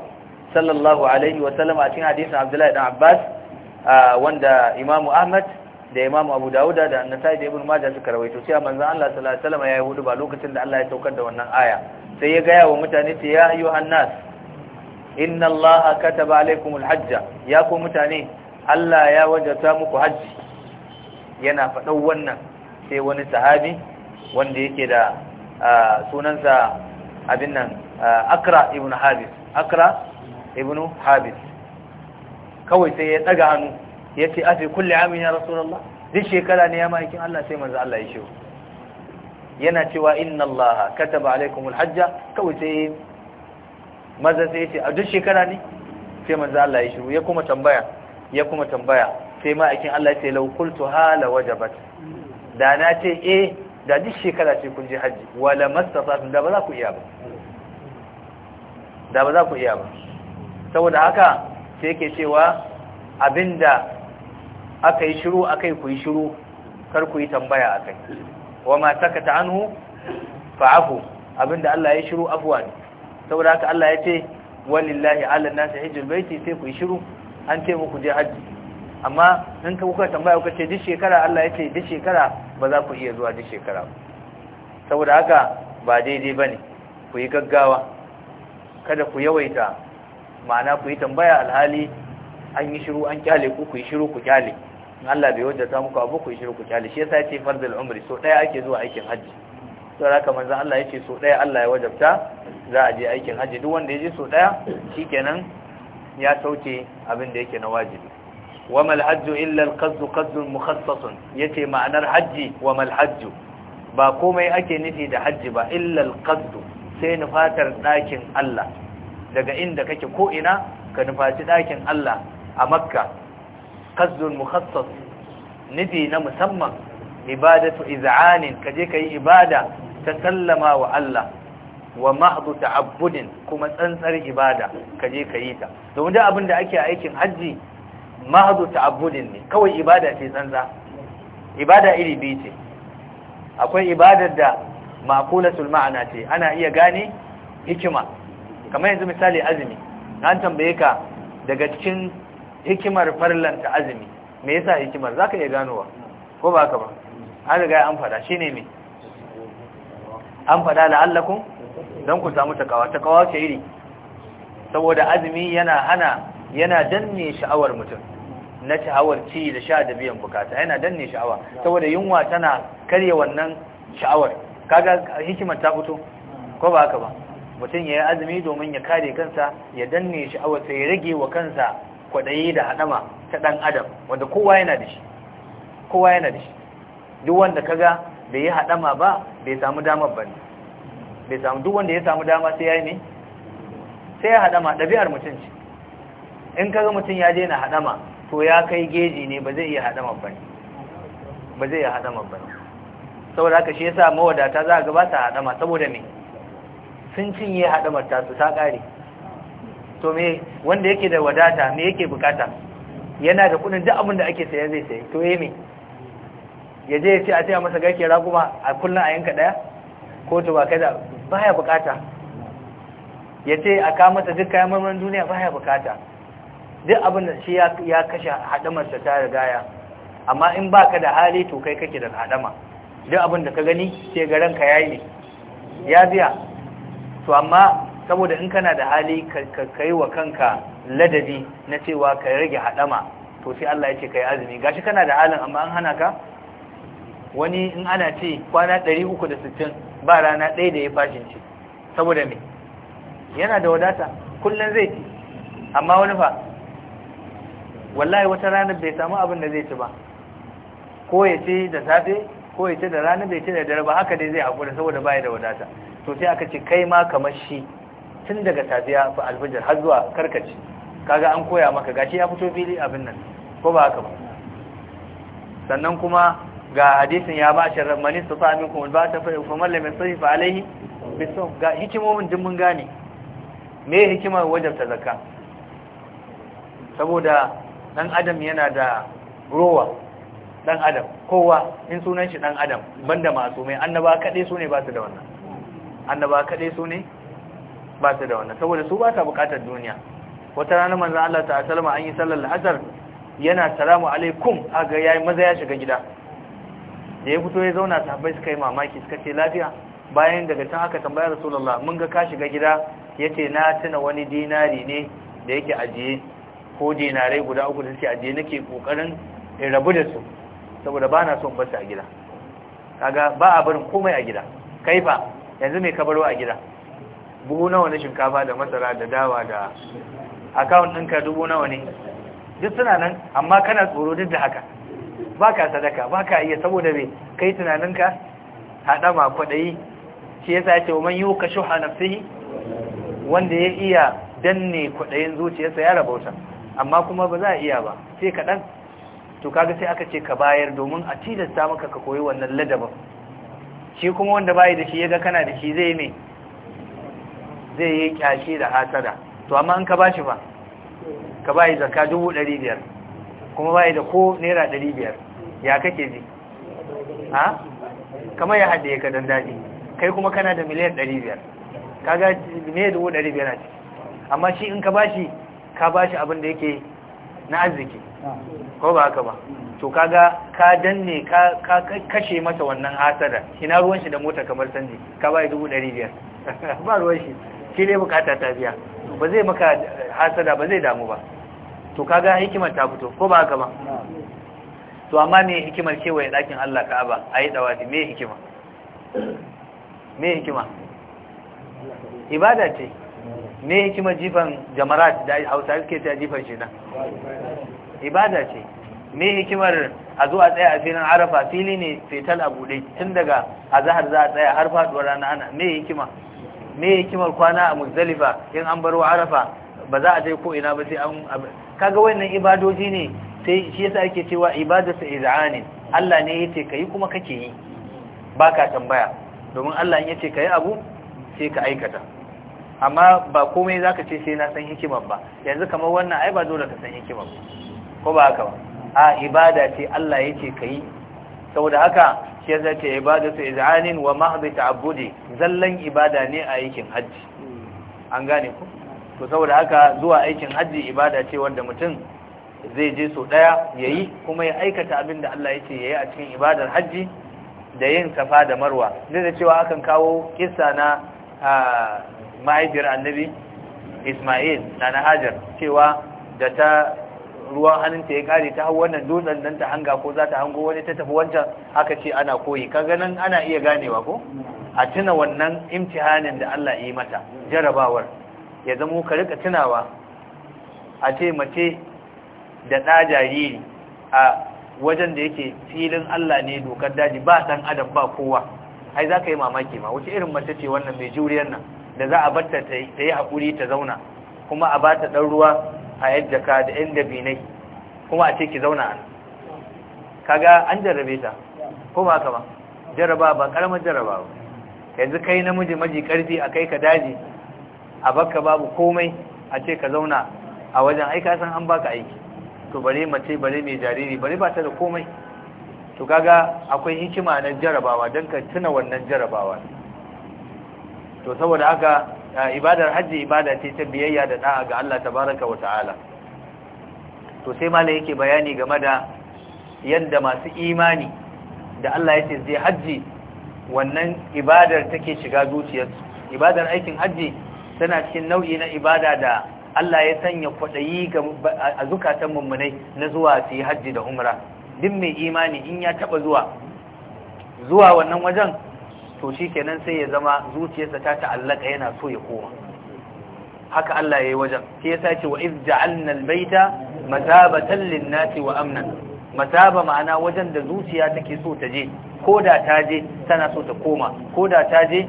sallallahu alaihi wa a cikin hadisin Abdullahi dan Abbas wanda Imam Ahmad da Imam Abu Dawuda da an da Ibn Majah suka rawaito sai Manzan Allah sallallahu alaihi ya hudu ba lokacin da Allah ya saukar da wannan aya sai ya gaya wa mutane ta ya ayyuhan nas inna Allah kataba alaikumul hajja ya ku mutane Allah ya wajata muku hajji yana faɗan wannan sai wani sahabi wanda yake da sunansa abin nan akra ibn habis akra ibn habis kawai sai ya daga hannu yace ce afi kulli amin ya rasulullah duk shekara ne ya ma'aikin Allah sai manzo Allah ya shiru yana cewa inna allaha kataba alaikumul hajja kawai sai maza sai yace a duk shekara ne sai manzo Allah ya shiru ya kuma tambaya ya kuma tambaya sai ma akin Allah ya ce law qultu hala wajabat da na ce eh da duk shekara ce kun je haji wala mastata'tum da ba za ku iya ba da ba za ku iya ba saboda haka sai yake cewa abinda aka yi shiru akai ku yi shiru kar ku yi tambaya akai wa ma sakata anhu fa'afu abinda Allah ya shiru afwa ne saboda haka Allah ya ce walillahi ala nasi hijjul baiti sai ku yi shiru an ce muku je haji amma in ka kuka tambaya kuka ce duk shekara Allah ya ce duk shekara ba za ku iya zuwa duk shekara saboda haka ba daidai bane ku yi gaggawa kada ku yawaita ma'ana ku yi tambaya alhali an yi shiru an kyale ku ku yi shiru ku kyale in Allah bai ta muku abu ku yi shiru ku kyale shi yasa yace farzul umri so daya ake zuwa aikin hajji da haka manzo Allah ce so ɗaya Allah ya wajabta za a je aikin hajji duk wanda ya je so shi kenan ya sauke abin da yake na wajibi wama alhajju illa alqazzu qazzun mukhassasun yace ma'anar hajji wama hajju. ba komai ake nufi da hajji ba illa alqazzu sai nufatar ɗakin Allah daga inda kake ko ina ka nufaci ɗakin Allah a makka Kasdun mukhassas nufi na musamman ibadatu iz'anin kaje kayi ibada ta sallama wa Allah wa mahdu ta'abbudin kuma tsantsar ibada kaje kayi ta domin da abin da ake aikin haji mahdu ta'abbudin ne kawai ibada ce tsantsa ibada iri biyu ce akwai ibadar da maqulatul ma'ana ce ana iya gane hikima kamar yanzu misali azumi na tambaye ka daga cikin hikimar farlanta azumi me yasa hikimar zaka iya ganowa ko ba ka ba an riga an fada shine me an fada la'allakum dan ku samu takawa takawa ce iri saboda azumi yana hana yana danne sha'awar mutum na sha'awar ci da sha da biyan bukata yana danne sha'awa saboda yunwa tana karya wannan sha'awar kaga hikimar ta fito ko ba haka ba mutum ya yi azumi domin ya kare kansa ya danne shi a wata ya rage wa kansa kwaɗayi da haɗama ta ɗan adam wanda kowa yana da shi kowa yana da shi duk wanda kaga bai yi haɗama ba bai samu damar ba ne bai samu duk wanda ya samu dama sai ya yi ne sai ya haɗama ɗabi'ar mutum ce in kaga mutum ya daina haɗama to ya kai geji ne ba zai iya haɗama ba ne ba zai iya haɗama ba ne saboda haka shi yasa mawadata za a gaba ta haɗama saboda me sun cinye haɗamar ta su ta ƙare to me wanda yake da wadata me yake bukata yana da kuɗin duk abin da ake sayan zai sayi to eh me ya je ya ce a a masa garke raguma a kullum a yanka ɗaya ko to ba kai da baya bukata ya ce a kawo masa duk kayan marmarin duniya baya bukata duk abin da shi ya kashe haɗamar ta rigaya amma in baka da hali to kai kake da haɗama duk abin da ka gani sai garan ka yayi ne ya biya to amma saboda in kana da hali ka kai wa kanka ladabi na cewa ka rage hadama to sai Allah ya ce kai azumi gashi kana da halin amma an hana ka wani in ana ce kwana 360 ba rana ɗaya da ya fashin ce saboda me yana da wadata kullun zai ci amma wani fa wallahi wata rana bai samu abin da zai ci ba ko ya ce da safe ko ya ce da rana bai ce da dare ba haka dai zai haƙura saboda baya da wadata to sai aka ce kai ma kamar shi tun daga safiya fa alfajir har zuwa karkace kaga an koya maka gashi ya fito fili abin nan ko ba haka ba sannan kuma ga hadisin ya ba shi su fa ba ta fa faman lam fa alaihi bisum ga hikimomin din mun gane me hikimar wajabta zakka saboda dan adam yana da rowa dan adam kowa in sunan shi dan adam banda masumai annaba kade su ne ba su da wannan annaba kade su ne ba su da wannan saboda su ba ta bukatar duniya wata rana manzon Allah ta sallama an yi sallar azhar yana salamu alaikum aga yayi maza ya shiga gida da ya fito ya zauna sahabbai suka yi mamaki suka ce lafiya bayan daga can aka tambaya rasulullah mun ga ka shiga gida yace na tuna wani dinari ne da yake ajiye ko dinarai guda uku da suke ajiye nake kokarin in rabu da su saboda ba na son bata a gida kaga ba a barin komai a gida kaifa yanzu mai kabarwa a gida buhu nawa na shinkafa da masara da dawa da akawun ɗinka dubu nawa ne duk suna nan amma kana tsoro duk da haka ba ka sadaka ba ka iya saboda mai kai tunaninka haɗama kwaɗayi shi ya sace wa man yi ka shuha nafsihi wanda ya iya danne kwaɗayin zuciyarsa ya rabauta amma kuma ba za a iya ba sai kaɗan to kaga sai aka ce ka bayar domin a tilasta maka ka koyi wannan ladabin shi kuma wanda bayi da shi yaga kana da shi zai me zai yi kyashi da hasada to amma in ka bashi ba ka bayi zakka biyar, kuma bayi da ko naira ɗari biyar. ya kake ji ha Kama ya haɗe ka dan daɗi kai kuma kana da miliyan ɗari biyar. Ka ga me ɗari biyar a ciki amma shi in ka bashi ka bashi abin da yake na arziki ko ba haka ba to kaga ka danne ka kashe masa wannan hasada ina ruwan shi da mota kamar sanje ka bai dubu ɗari biyar ba ruwan shi shi ne bukata ta biya ba zai maka eh, hasada ba zai damu ba to kaga hikimar ta fito ko ba haka ba to amma me hikimar kewaye ɗakin Allah ka'aba a yi ɗawafi me hikima me hikima ibada ce me hikimar jifan jamarat da hausa suke ta jifan shi nan ibada ce me hikimar a zo a tsaya a filin arafa fili ne fetal a buɗe tun daga azahar za a tsaya har faɗuwar rana ana me hikima me hikimar kwana a muzdalifa in an baro arafa ba za a je ko ina ba sai an kaga wannan ibadoji ne sai shi yasa ake cewa ibadatu iz'anin Allah ne yace kai kuma kake yi baka tambaya domin Allah in yace kai abu sai ka aikata amma ba komai zaka ce sai na san hikimar ba yanzu kamar wannan ai ba dole ka san hikimar ko ba haka ba a ibada ce Allah yake kai saboda haka shi ya ibada ibadatu iz'anin wa mahdhi ta'abbudi zallan ibada ne a aikin hajji an gane ku to saboda haka zuwa aikin hajji ibada ce wanda mutum zai je so daya yayi kuma ya aikata abin da Allah yake yayi a cikin ibadar hajji da yin safa da marwa ne da cewa akan kawo kissa na mahaifiyar annabi Ismail na Hajar cewa da ta ruwan hannunta ya kare ta hau wannan dutsen nan ta hanga ko za ta hango wani ta tafi wancan aka ce ana koyi ka ganin ana iya ganewa ko a tuna wannan imtihanin da Allah ya yi mata jarabawar ya zamo ka rika tunawa a ce mace da ɗa jariri a wajen da yake filin Allah ne dokar daji ba san adam ba kowa ai za ka yi mamaki ma wace irin mace ce wannan mai juriyar nan da za a batta ta yi haƙuri ta zauna kuma a ba ta ɗan ruwa a yadda ka da yan dabinai kuma a ce ki zauna a kaga an jarrabe ta ko ba haka ba jarraba ba karamar jarraba ba yanzu kai namiji maji karfi a kai ka daji a baka babu komai a ce ka zauna a wajen aika san an baka aiki to bare mace bare mai jariri bare ba ta da komai to kaga akwai hikima na jarabawa don ka tuna wannan jarabawa to saboda haka ibadar hajji ibada ce ta biyayya da da'a ga Allah tabaraka wa ta'ala to sai malai yake bayani game da yadda masu imani da Allah ya zai hajji wannan ibadar take shiga zuciyarsu ibadar aikin hajji tana cikin nau'i na ibada da Allah ya sanya kwaɗayi a zukatan mummunai na zuwa su yi hajji da umra duk mai imani in ya taba zuwa zuwa wannan wajen to shi kenan sai ya zama zuciyarsa ta ta'allaka yana so ya koma haka Allah ya yi wajen sai ya sace wa iz ja'alna albayta matabatan lin-nasi wa amnan mataba ma'ana wajen da zuciya take so ta je ko da ta je tana so ta koma ko da ta je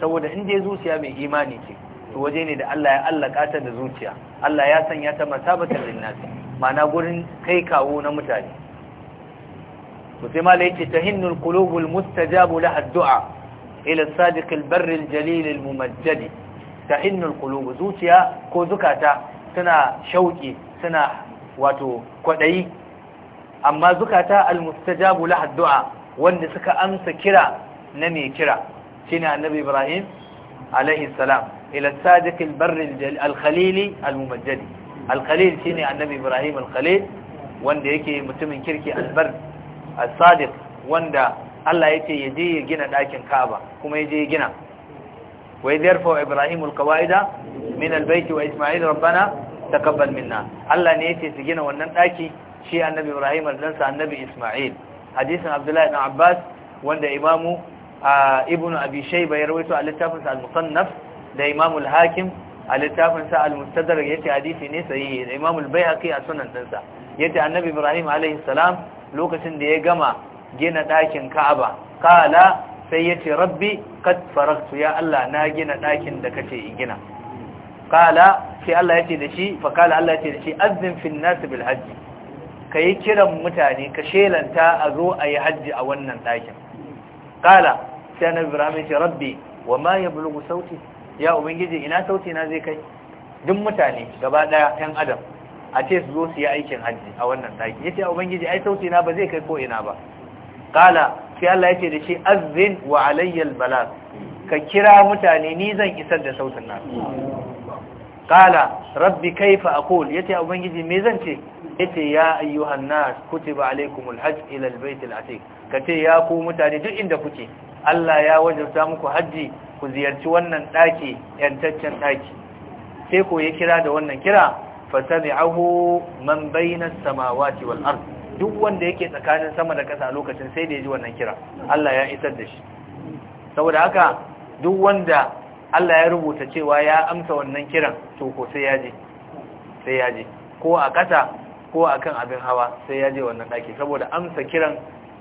saboda in je zuciya mai imani ce to waje ne da Allah ya allaka ta da zuciya Allah ya sanya ta matabatan lin-nasi ma'ana gurin kai kawo na mutane to sai ce ta yace tahinnul mustajabu laha du'a ila sadiqil barril jalilil mumajjadi tahinnul qulub zuciya ko zukata suna shauƙi suna wato kwaɗayi. amma zukata almustajabu laha du'a wanda suka amsa kira na mai kira shine annabi Ibrahim alaihi salam ila sadiqil barril al-khalili al-mumajjadi shine annabi Ibrahim al-khalil wanda yake mutumin kirki albar al-sadiq wanda Allah ya ce ya je ya gina ɗakin Ka'aba kuma ya je ya gina wa yarfa Ibrahim al min al wa Isma'il rabbana taqabbal minna Allah ne ya ce su gina wannan ɗaki shi Annabi Ibrahim dan Annabi Isma'il hadisin Abdullahi ibn Abbas wanda Imamu Ibn Abi Shayba ya rawaito a littafin al-Musannaf da Imam al-Hakim a littafin sa al-Mustadrak yace hadisi ne sahihi da Imam al a sunan dinsa yace Annabi Ibrahim alayhi salam lokacin da ya gama gina ɗakin ka'aba kala sai ya ce rabbi kad faraktu ya Allah na gina ɗakin da kace in gina kala sai Allah ya ce da shi fa kala Allah ya ce da shi azzin fin nas bil hajj kai kiran mutane ka shelanta a zo a yi hajji a wannan ɗakin kala sai na Ibrahim ya ce rabbi wa ma yablughu sauti ya ubangiji ina sauti na zai kai duk mutane gaba daya ɗan adam a ce su zo su yi aikin hajji a wannan ɗaki ya ce ubangiji ai sauti na ba zai kai ko ina ba kala sai Allah ya ce da shi azzin wa alayyal balad ka kira mutane ni zan isar da sautin nan. kala rabbi kaifa aqul yace ubangiji me zan ce yace ya ayyuhan nas kutiba alaykumul hajj ila albayt alatiq kace ya ku mutane duk inda kuke Allah ya wajabta muku haji ku ziyarci wannan daki yantaccen daki sai ko ya kira da wannan kira fasami'ahu man bayna as-samawati wal ardh duk wanda yake tsakanin sama da ƙasa lokacin sai da ya ji wannan kira Allah ya isar da shi saboda haka duk wanda Allah ya rubuta cewa ya amsa wannan kiran to ko sai ya je sai ya je ko a ƙasa ko a kan abin hawa sai ya je wannan daki saboda amsa kiran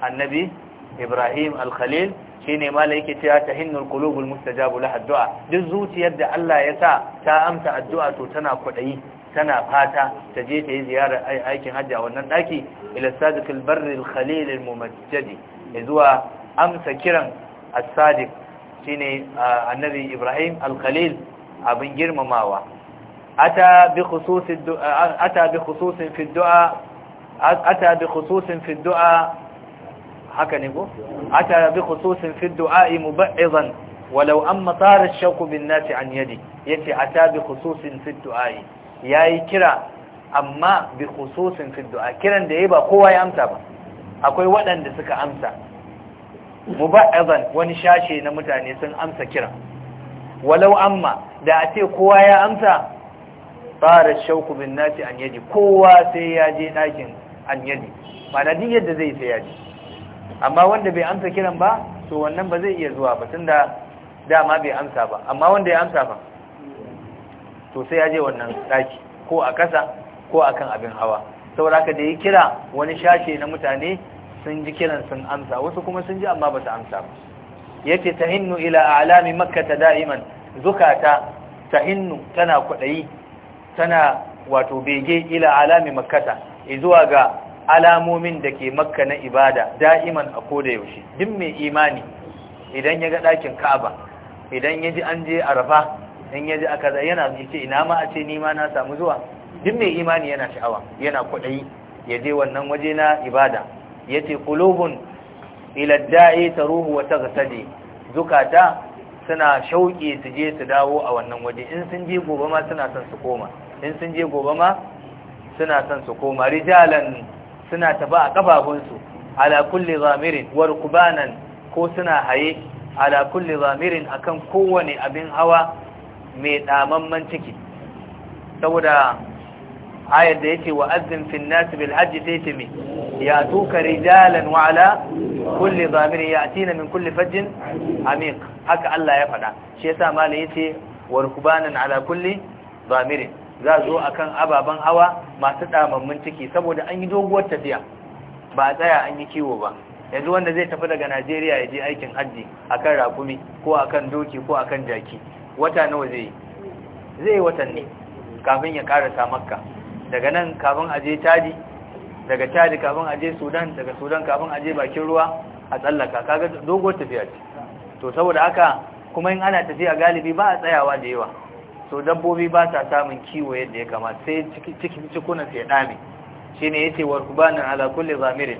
annabi Ibrahim al-Khalil shine mala yake cewa tahinnul qulubul mustajabu lahad du'a duk zuciyar da Allah ya sa ta amsa addu'a to tana kwadayi tana fata ta je ta yi ziyarar aikin hajji a wannan daki ila sadiqil barril khalilil mumajjadi zuwa amsa kiran as-sadiq shine annabi Ibrahim al-khalil abin girmamawa ata bi khususin ata bi khususin fi du'a ata bi khususin fi du'a haka ne ko ata bi khususin fi du'a mub'izan ولو أما طار الشوك بالناس عن يدي يتي أتى بخصوص في الدعاء Ya yi kira amma bi khususin fi du'a kiran da yayi ba kowa ya amsa ba akwai waɗanda suka amsa muba'azan wani shashe na mutane sun amsa kiran walau amma da a ce kowa ya amsa fara shauku bin nasi an yaji kowa sai ya je ɗakin an yaji mana duk yadda zai sai ya ji amma wanda bai amsa kiran ba to wannan ba zai iya zuwa ba tunda dama bai amsa ba amma wanda ya amsa ba to sai ya je wannan daki ko a kasa ko a kan abin hawa saboda haka da ya kira wani shashe na mutane sun ji kiran sun amsa wasu kuma sun ji amma ba su amsa ba yace tahinnu ila a'lami makkata da'iman zukata tahinnu tana kwadayi tana wato bege ila alami makkata zuwa ga alamomin da ke makka na ibada da'iman a koda yaushe duk mai imani idan ya ga ɗakin ka'aba idan ya ji an je arafa in yaji aka za yana yace ina ma a ce ni ma na samu zuwa duk mai imani yana sha'awa yana kudai ya je wannan waje na ibada yace qulubun ila da'i taruhu wa taghtadi zukata suna shauƙi su je su dawo a wannan waje in sun je gobe ma suna son su koma in sun je gobe ma suna son su koma rijalan suna tafi a kafafunsu ala kulli zamirin wa rukbanan ko suna haye ala kulli zamirin akan kowane abin hawa mai damamman ciki saboda ayar da yake wa azin fil nas bil sai ce mai ya tuka rijalan wa'ala kulle kulli ya yatina min kulle fajin amin haka Allah ya faɗa shi yasa malai yace wa rukubanan ala kulle zamiri za zo akan ababen hawa masu damammun ciki saboda an yi doguwar tafiya ba a tsaya an yi kiwo ba yanzu wanda zai tafi daga Najeriya ya je aikin hajji akan rakumi ko akan doki ko akan jaki wata nawa zai zai yi watanni kafin ya karasa makka daga nan kafin aje tadi daga tadi kafin aje sudan daga sudan kafin aje bakin ruwa a tsallaka kaga dogon tafiya ce to saboda haka kuma in ana tafiya galibi ba a tsayawa da yawa so dabbobi ba sa samun kiwo yadda ya kamata sai cikin cikunan sai dame shine yace wa rubanan ala kulli zamirin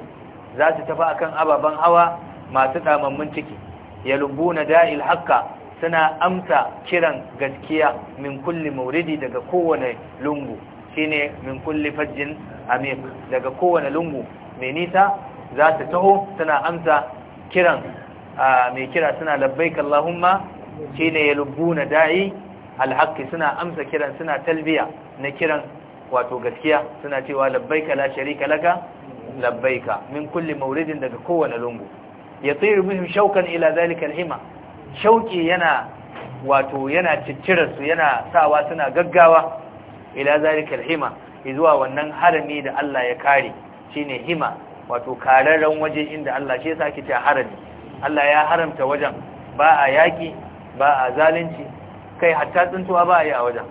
za su tafi akan ababan hawa masu damammun ciki yalubuna da'il haqqa suna amsa kiran gaskiya min kulli mauridi daga kowane lungu shine min kulli fajjin amir daga kowane lungu mai nisa za ta taho suna amsa kiran mai kira suna labbaik Allahumma shine ya lubbuna da'i alhaqi suna amsa kiran suna talbiya na kiran wato gaskiya suna cewa labbaika la sharika laka labbaika min kulli mauridin daga kowane lungu yatiru bihim shaukan ila zalika alhima shauƙi yana wato yana su yana sawa suna gaggawa ila zalikal hima zuwa wannan harami da Allah ya kare shine hima wato kararren waje inda Allah shi yasa kike harami Allah ya haramta wajen ba a yaki ba a zalunci kai hatta tsuntuwa ba yi a wajen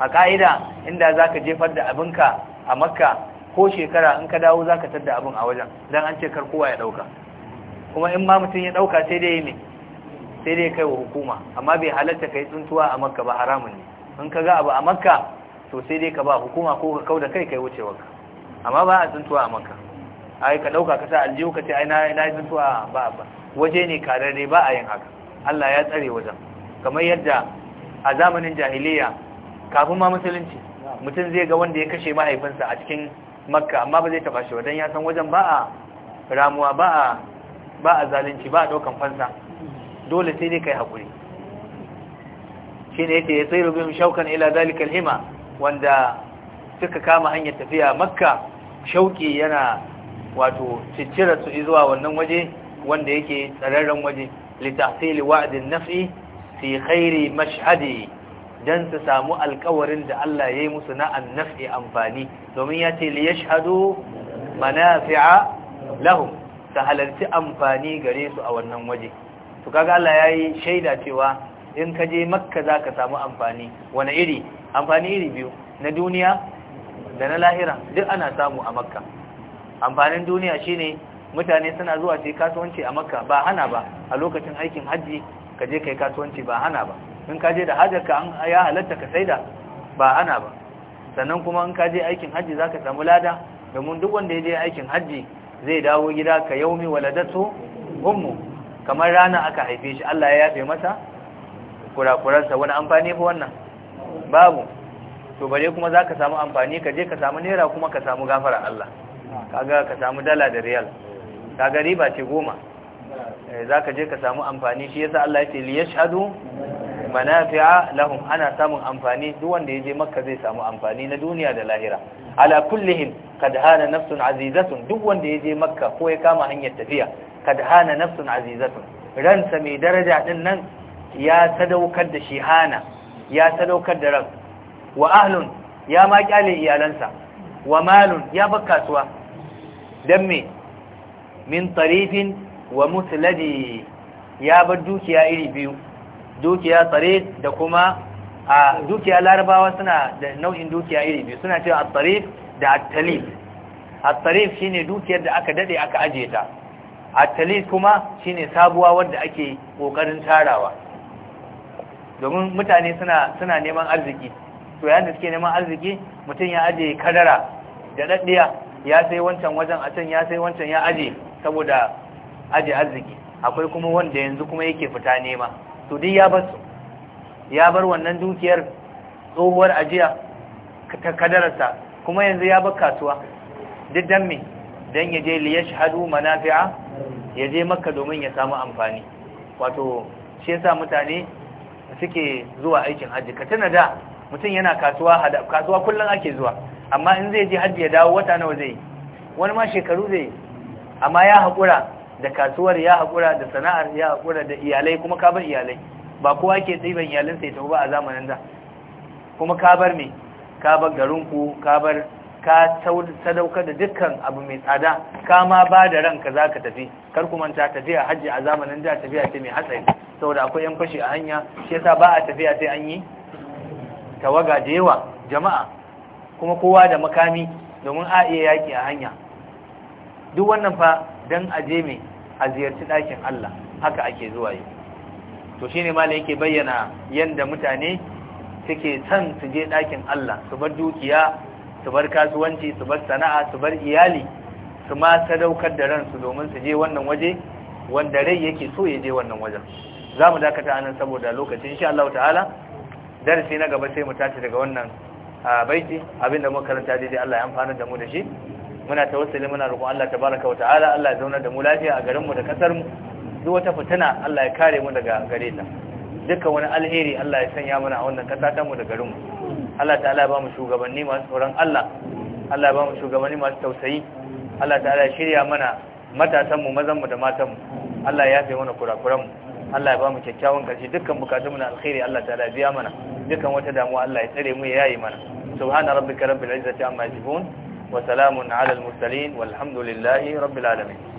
a ka'ida inda zaka jefar da abinka a makka ko shekara in ka dawo zaka tadda abin a wajen dan an ce kar kowa ya dauka kuma in ma mutum ya dauka sai dai ne sai dai kai wa hukuma amma bai halatta kai tsuntuwa a makka ba haramun ne in ka ga abu a makka to sai dai ka ba hukuma ko ka kauda kai kai wucewarka amma ba a tsuntuwa a makka ai ka dauka ka sa aljihu ka ce ai na na tsuntuwa ba ba waje ne kararre ba a yin haka Allah ya tsare wajen kamar yadda a zamanin jahiliya kafin ma musulunci mutum zai ga wanda ya kashe mahaifinsa a cikin makka amma ba zai taba shi wajen ya san wajen ba a ramuwa ba a ba a zalunci ba a daukan fansa dole sai dai kai hakuri shine ya yasiru bihim shaukan ila zalika alhima wanda suka kama hanyar tafiya makka shauki yana wato ciccira su zuwa wannan waje wanda yake tsararren waje litahsili wa'adin naf'i fi khairi mashhadi dan su samu alkawarin da Allah ya yi musu na annafi amfani domin ya ce li yashhadu manafi'a lahum ta halarci amfani gare su a wannan waje to kaga Allah yayi shaida cewa in ka je makka zaka samu amfani wani iri amfani iri biyu na duniya da na lahira duk ana samu a makka amfanin duniya shine mutane suna zuwa su kasuwanci a makka ba hana ba a lokacin aikin hajji ka je kai kasuwanci ba hana ba in ka je da hajjarka an ya halatta ka saida ba hana ba sannan kuma in ka je aikin hajji zaka samu lada domin duk wanda ya je aikin hajji zai dawo gida ka yaumi waladatu ummu kamar rana aka haife shi Allah ya yafe masa kurakuransa wani amfani ko wannan babu to bare kuma za ka samu amfani ka je ka samu naira kuma ka samu gafara Allah kaga ka samu dala da riyal kaga riba ce goma eh, za ka je ka samu amfani shi yasa Allah ya ce li yashhadu manafi'a lahum ana samun amfani duk wanda ya je makka zai samu amfani na duniya da lahira ala kullihim kad hana nafsun azizatun duk wanda ya je makka ko ya kama hanyar tafiya kad hana nafsun azizatun ransa mai daraja din nan ya sadaukar da shi hana ya sadaukar da ran wa ahlun ya ma kyale iyalansa wa malun ya bar kasuwa dan me min tarifin wa musladi ya bar dukiya iri biyu dukiya tsare da kuma a dukiya larabawa suna da nau'in dukiya iri biyu suna cewa at-tarif da at-talif at-tarif shine dukiyar da aka dade aka ajiye ta a kuma shine sabuwa wadda ake kokarin tarawa domin mutane suna suna neman arziki to yayin da suke neman arziki mutum ya aje kadara da daddiya ya sai wancan wajen a can ya sai wancan ya aje saboda aje arziki akwai kuma wanda yanzu kuma yake fita nema to duk ya bar su ya bar wannan dukiyar tsohuwar ajiya ta kadararsa kuma yanzu ya bar kasuwa duk dan me dan yaje li yashhadu manafi'a yaje makka domin ya samu amfani wato shi yasa mutane suke zuwa aikin hajji ka tana da mutum yana kasuwa hada kasuwa kullun ake zuwa amma in zai je haji ya dawo wata nawa zai wani ma shekaru zai amma ya haƙura da kasuwar ya haƙura da sana'ar ya haƙura da iyalai kuma ka bar iyalai ba kowa ke tsiban iyalinsa ya tafi ba a zamanin da kuma ka bar me ka bar garinku ka bar ka sadaukar da dukkan abu mai tsada ka ma ba da ranka za ka tafi kar ku manta tafiya hajji a zamanin da tafiya ce mai hatsari saboda akwai yan fashi a hanya shi yasa ba a tafiya sai an yi tawaga da yawa jama'a kuma kowa da makami domin a iya yaki a hanya duk wannan fa dan a je mai a ziyarci ɗakin Allah haka ake zuwa yi to shine ma yake bayyana yanda mutane suke son su je ɗakin Allah su bar dukiya su bar kasuwanci su bar sana'a su bar iyali su ma sadaukar da ransu domin su je wannan waje wanda rai yake so ya je wannan wajen za mu dakata anan saboda lokacin insha Allah ta'ala darasi na gaba sai mu tashi daga wannan baiti abinda muka karanta daidai Allah ya amfana da mu da shi muna tawassuli muna roƙon Allah tabaraka wata'ala Allah ya zauna da mu lafiya a garinmu da kasar mu duk wata fitina Allah ya kare mu daga gare ta duka wani alheri Allah ya sanya mana a wannan kasa ta mu da garin mu Allah ta'ala ya ba mu shugabanni masu tsoron Allah Allah ya ba mu shugabanni masu tausayi Allah ta'ala ya shirya mana matasan mu mazan mu da matan mu Allah ya fi mana kurakuran mu Allah ya ba mu kyakkyawan karshe dukkan bukatun mu na alheri Allah ta'ala ya biya mana dukkan wata damuwa Allah ya tsare mu ya yayi mana subhana rabbika rabbil izzati amma yasifun wa salamun ala al mursalin walhamdulillahi rabbil alamin